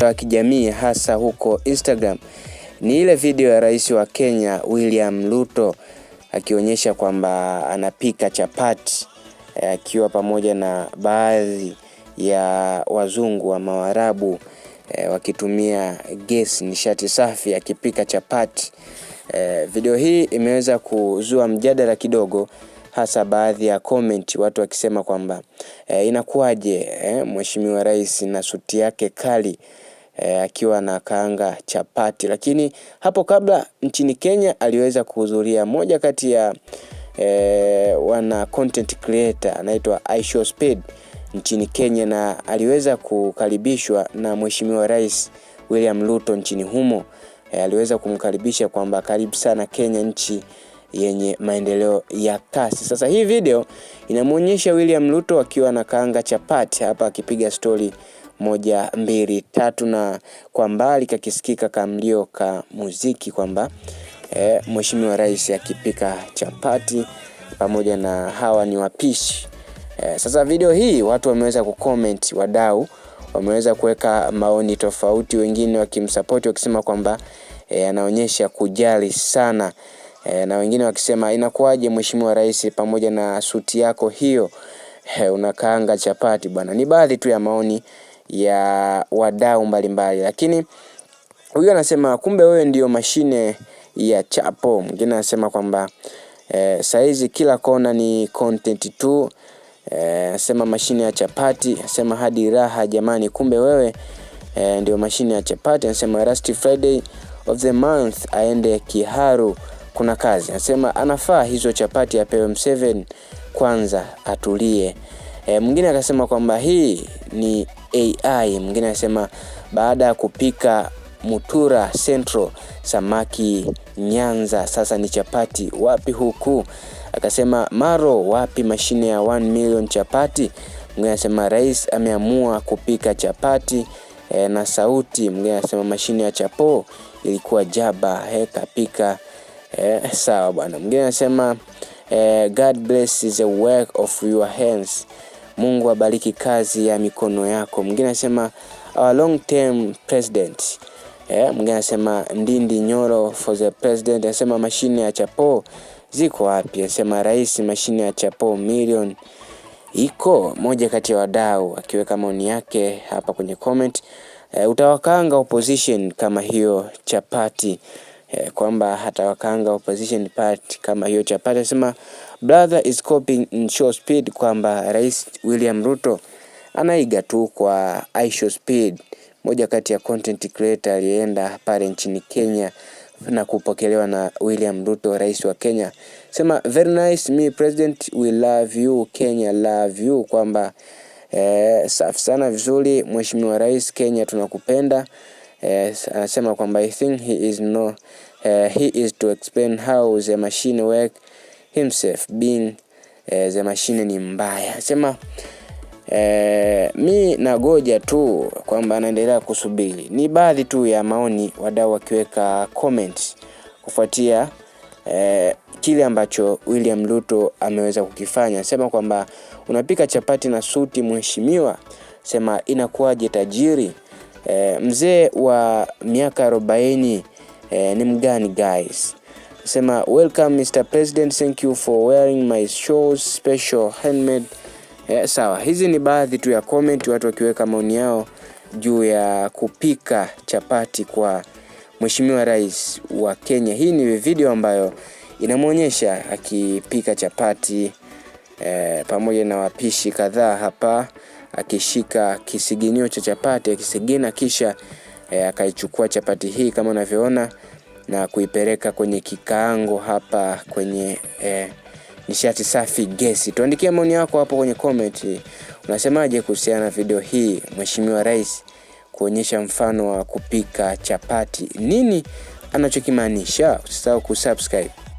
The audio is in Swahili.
wa kijamii hasa huko Instagram ni ile video ya rais wa Kenya William Ruto akionyesha kwamba anapika chapati eh, akiwa pamoja na baadhi ya wazungu wa mawarabu e, wakitumia gesi, nishati safi, akipika chapati e, video hii imeweza kuzua mjadala kidogo hasa baadhi ya comment watu wakisema kwamba e, inakuwaje e, Mheshimiwa Rais na suti yake kali e, akiwa na kaanga chapati. Lakini hapo kabla nchini Kenya aliweza kuhudhuria moja kati ya e, wana content creator anaitwa Aisho Speed nchini Kenya na aliweza kukaribishwa na Mheshimiwa Rais William Ruto nchini humo. E, aliweza kumkaribisha kwamba karibu sana Kenya nchi yenye maendeleo ya kasi. Sasa hii video inamwonyesha William Ruto akiwa na kaanga chapati hapa akipiga stori moja mbili tatu, na kwa mbali kakisikika kamlio ka muziki kwamba eh, Mheshimiwa Rais akipika chapati pamoja na hawa ni wapishi e. Sasa video hii watu wameweza kucomment, wadau wameweza kuweka maoni tofauti, wengine wakimsapoti wakisema kwamba e, anaonyesha kujali sana e, na wengine wakisema inakuwaje Mheshimiwa Rais pamoja na suti yako hiyo e, unakaanga chapati bwana. Ni baadhi tu ya maoni ya wadau mbalimbali, lakini huyu anasema kumbe wewe ndio mashine ya chapo. Mwingine anasema kwamba e, saizi kila kona ni content tu anasema e, mashine ya chapati, anasema hadi raha jamani, kumbe wewe e, ndio mashine ya chapati. Anasema last Friday of the month aende Kiharu kuna kazi. Anasema anafaa hizo chapati apewe Museveni kwanza atulie. E, mwingine akasema kwamba hii ni AI. Mwingine anasema baada ya kupika Mutura Central samaki Nyanza, sasa ni chapati wapi huku? Akasema Maro wapi mashine ya 1 million chapati. Mwingine anasema rais ameamua kupika chapati e, na sauti. Mwingine anasema mashine ya chapo ilikuwa jaba heka eh, Eh, sawa bwana. Mwingine anasema eh, God bless the work of your hands, Mungu abariki kazi ya mikono yako. Mwingine anasema our long term president eh, mwingine anasema Ndindi Nyoro for the president. Anasema mashine ya chapo ziko wapi? Anasema rais, mashine ya chapo million iko moja kati ya wadau akiweka maoni yake hapa kwenye comment. E, utawakanga opposition kama hiyo chapati eh, kwamba hata wakaanga opposition party kama hiyo chapati anasema brother is copying in show speed, kwamba Rais William Ruto anaiga tu kwa ishow speed, moja kati ya content creator aliyeenda pale nchini Kenya na kupokelewa na William Ruto, rais wa Kenya, sema very nice me president, we love you Kenya, love you, kwamba eh, safi sana vizuri, mheshimiwa rais, Kenya tunakupenda. Eh, anasema kwamba I think he is no, uh, he is to explain how the machine work himself being uh, the machine ni mbaya. Sema uh, mi nagoja tu kwamba anaendelea kusubiri. Ni baadhi tu ya maoni wadau wakiweka comments kufuatia uh, kile ambacho William Ruto ameweza kukifanya. Anasema kwamba unapika chapati na suti mheshimiwa, sema inakuwaje tajiri? e, mzee wa miaka 40 e, eh, ni mgani guys? Sema welcome Mr President, thank you for wearing my shoes, special handmade. E, sawa, hizi ni baadhi tu ya comment watu wakiweka maoni yao juu ya kupika chapati kwa Mheshimiwa Rais wa Kenya. Hii ni video ambayo inamwonyesha akipika chapati e, pamoja na wapishi kadhaa hapa akishika kisiginio cha chapati akisigina, kisha eh, akaichukua chapati hii kama unavyoona na kuipeleka kwenye kikaango hapa kwenye eh, nishati safi gesi. Tuandikie maoni yako hapo kwenye comment, unasemaje kuhusiana na video hii, Mheshimiwa Rais kuonyesha mfano wa kupika chapati? Nini anachokimaanisha? Usisahau kusubscribe.